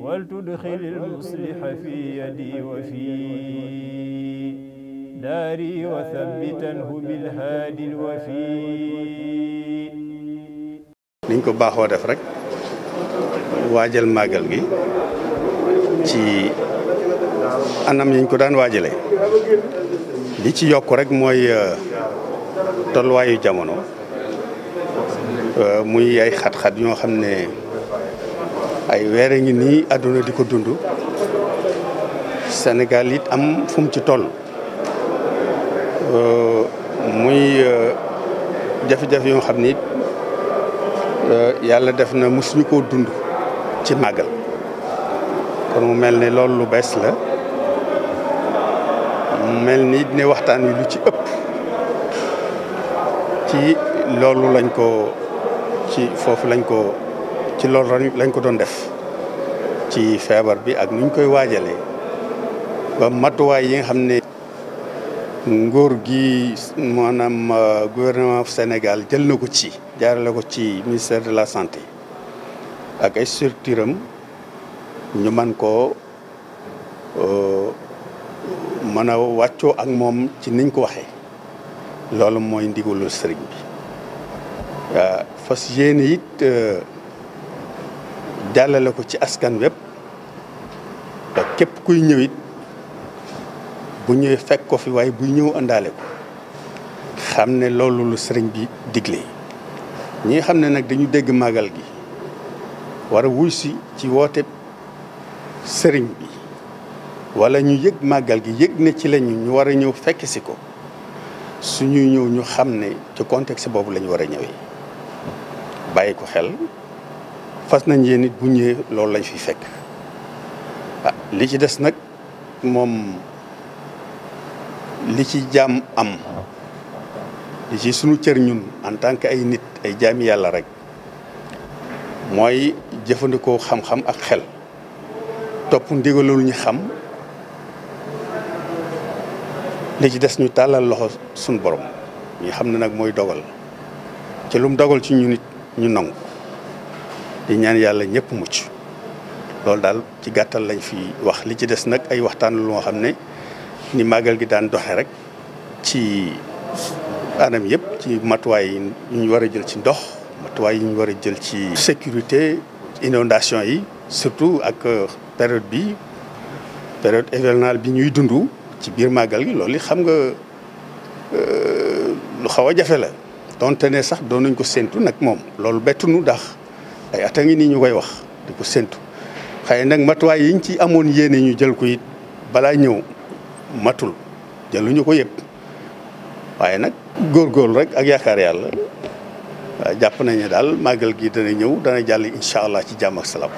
ولتدخل المصلح في يدي وفي داري وثبتنه بالهادي الوفي niñ ko baaxoo def rek waajal màggal gi ci anam yiñ ko daan waajale li ci yokk rek mooy euh, tolluwaayu jamono euh, muy ay xat-xat yoo xam ne ay weer a ngi nii àdduna di ko dund Sénégal yit am fum ci toll euh, muy euh, jafe-jafe yoo xam ni euh, yàlla def na mosuñu koo dund ci màggal kon mu mel ni loolu lu bees la mel ni ne waxtaan wi lu ci ëpp ci loolu lañ ko ci foofu lañ ko ci loolu lañ ko doon def ci feebar bi ak nuñ koy waajale ba matuwaay yi nga xam ne nguur gi maanaam euh, gouvernement Sénégal jël na ko ci jaarale ko ci ministère de la santé ak ay structure ñu man ko euh, mën a wàccoo ak moom ci niñ ko waxee loolu mooy ndigalul sëriñ bi fas yéene it euh, jàllale ko ci askan wépp te képp kuy ñëwit bu ñëwee fekk ko fi waaye buy ñëw àndaale ko xam ne loolu lu sëriñ bi digle ñi xam ne nag dañu dégg màggal gi war a si ci woote sëriñ bi wala ñu yëg màggal gi yëg ne ci lañu ñu war a ñëw fekk si ko su ñuy ñëw ñu xam ne ci contexte boobu lañu ñu war a ñëwee bàyyi ko xel fas nañ yéen it bu ñëwee loolu lañ fi fekk ah li ci des nag moom li ci jaam am li ci sunu cër ñun en tant que ay nit ay jaami yàlla rek mooy jëfandikoo xam-xam ak xel topp ndigalul ñu xam li ci des ñu tàllal loxo suñu borom ñu xam ne nag mooy dogal ci lu mu dogal ci ñu nit ñu nangu di ñaan yàlla ñëpp mucc loolu daal ci gàttal lañ fi wax li ci des nag ay waxtaan lu nga xam ne ni màggal gi daan doxe rek ci anam yëpp ci matuwaay yi ñu war a jël ci ndox matuwaay yi ñu war a jël ci sécurité inondation yi surtout ak euh, période bi période hivernale bi ñuy dund ci biir màggal gi loolu xam nga euh, lu xaw a jafe la donte ne sax doon nañ ko séntu nag moom loolu bettu nu ndax ay at a ngi nii ñu koy wax di ko séntu xëy nag matuwaay yiñ ci amoon yéene ñu jël ko it balaa ñëw matul jëluñu ko yëpp waaye nag góor góorgóorlu rek ak yaakaar yàlla jàpp nañu daal màggal gi dana ñëw dana jàll incha allah ci jàmm ak salaam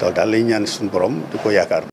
loolu daal lay ñaan suñu borom du ko yaakaar.